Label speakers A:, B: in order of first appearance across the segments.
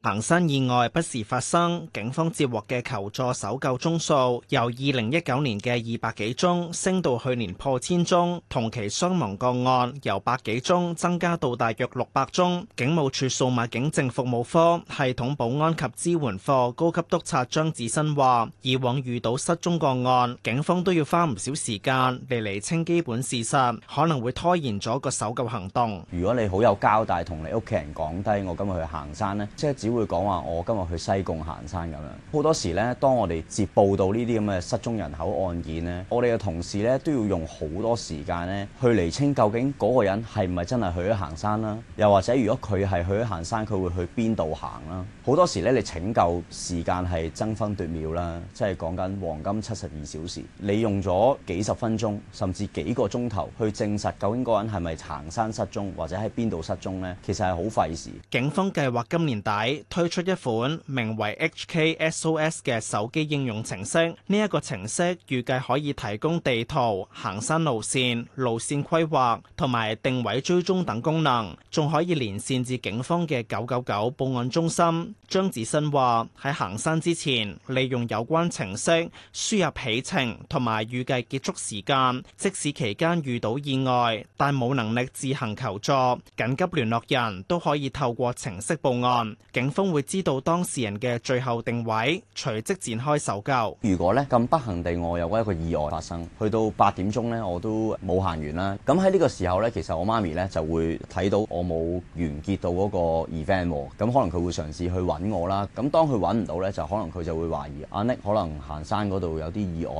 A: 行山意外不時發生，警方接獲嘅求助搜救中數宗數由二零一九年嘅二百幾宗升到去年破千宗，同期傷亡個案由百幾宗增加到大約六百宗。警務處數碼警政服務科系統保安及支援課高級督察張志新話：「以往遇到失蹤個案，警方都要花唔少時間嚟釐清基本事實，可能會拖延咗個搜救行動。如果你好有交代，同你屋企人講低，我今日去行山呢。」只
B: 會講話我今日去西貢行山咁樣，好多時咧，當我哋接報到呢啲咁嘅失蹤人口案件呢，我哋嘅同事咧都要用好多時間咧去釐清究竟嗰個人係唔係真係去咗行山啦，又或者如果佢係去咗行山，佢會去邊度行啦。好多時咧，你拯救時間係爭分奪秒啦，即係講緊黃金七十二小時，你用咗幾十分鐘，甚至幾個鐘頭去證實究竟嗰個人係咪
A: 行山失蹤，或者喺邊度失蹤呢，其實係好費事。警方計劃今年底推出一款名為 HKSOS 嘅手機應用程式，呢一個程式預計可以提供地圖、行山路線、路線規劃同埋定位追蹤等功能，仲可以連線至警方嘅九九九報案中心。張子新話喺行山之前，利用有關程式輸入起程同埋預計結束時間，即使期間遇到意外，但冇能力自行求助，緊急聯絡人都可以透過程式報案警。會知道當事人嘅最後定位，隨即展開搜救。如果咧，咁不幸地
B: 我有一個意外發生，去到八點鐘咧，我都冇行完啦。咁喺呢個時候咧，其實我媽咪咧就會睇到我冇完結到嗰個 event，咁可能佢會嘗試去揾我啦。咁當佢揾唔到咧，就可能佢就會懷疑阿 Nick 可能行山嗰度有啲意外。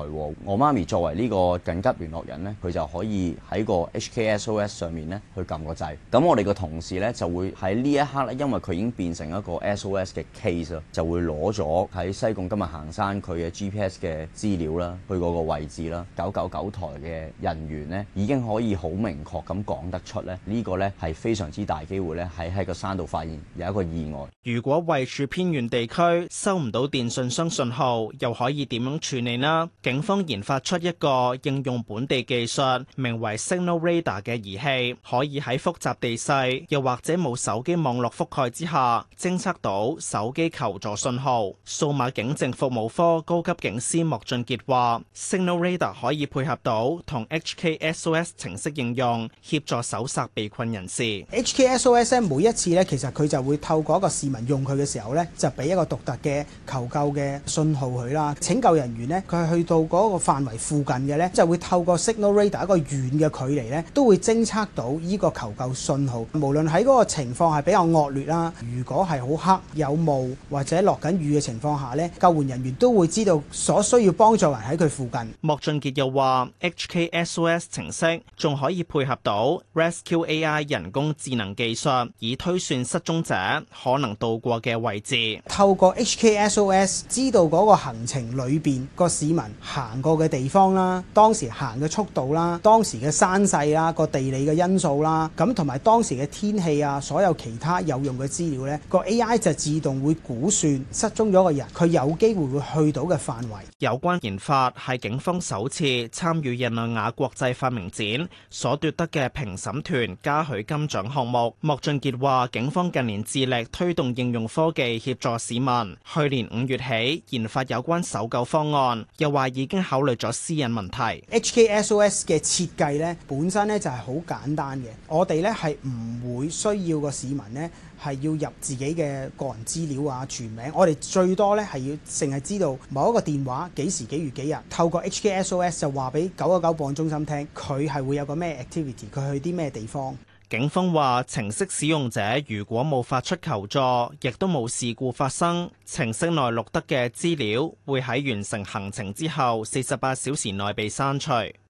B: 我媽咪作為呢個緊急聯絡人咧，佢就可以喺個 HK SOS 上面咧去撳個掣。咁我哋嘅同事咧就會喺呢一刻咧，因為佢已經變成一個。SOS 嘅 case 就會攞咗喺西貢今日行山佢嘅 GPS 嘅資料啦，去嗰個位置啦，九九九台嘅人員呢已經可以好明確咁講得出咧，呢個呢係非常之大機會咧，喺喺個山度發現有一個意外。
A: 如果位處偏遠地區收唔到電信商信號，又可以點樣處理呢？警方研發出一個應用本地技術，名為 Signal Radar 嘅儀器，可以喺複雜地勢又或者冇手機網絡覆蓋之下偵得到手機求助信號，數碼警政服務科高級警司莫俊傑話：Signal Radar 可以配合到同 HK SOS 程式應用，協助搜尋被困人士。
C: HK SOS 每一次咧，其實佢就會透過一個市民用佢嘅時候咧，就俾一個獨特嘅求救嘅信號佢啦。拯救人員咧，佢去到嗰個範圍附近嘅咧，就會透過 Signal Radar 一個遠嘅距離咧，都會偵測到呢個求救信號。無論喺嗰個情況係比較惡劣啦，如果係好。黑有霧或者落緊雨嘅情況下呢，救援人員都會知道所需要幫助人喺佢附近。
A: 莫俊傑又話：HKSOS 程式仲可以配合到 Rescue AI 人工智能技術，以推算失蹤者可能到過嘅位置。
C: 透過 HKSOS 知道嗰個行程裏面個市民行過嘅地方啦，當時行嘅速度啦，當時嘅山勢啦，個地理嘅因素啦，咁同埋當時嘅天氣啊，所有其他有用嘅資料呢個 AI。就自動會估算失蹤咗個人，佢有機會會去到嘅範圍。
A: 有關研發係警方首次參與日內瓦國際發明展所奪得嘅評審團嘉許金獎項目。莫俊傑話：警方近年致力推動應用科技協助市民。去年五月起研發有關搜救方案，又話已經考慮咗私隱問題。
C: HKSOS 嘅設計呢，本身呢就係好簡單嘅。我哋呢係唔會需要個市民呢係要入自己嘅。嘅個人資料啊，全名，我哋最多咧係要淨係知道某一個電話幾時幾月幾日，透過 HK SOS 就話俾九九九報案中心聽，佢係會有個咩 activity，佢去啲咩地方。
A: 警方話，程式使用者如果冇發出求助，亦都冇事故發生，程式內錄得嘅資料會喺完成行程之後四十八小時內被刪除。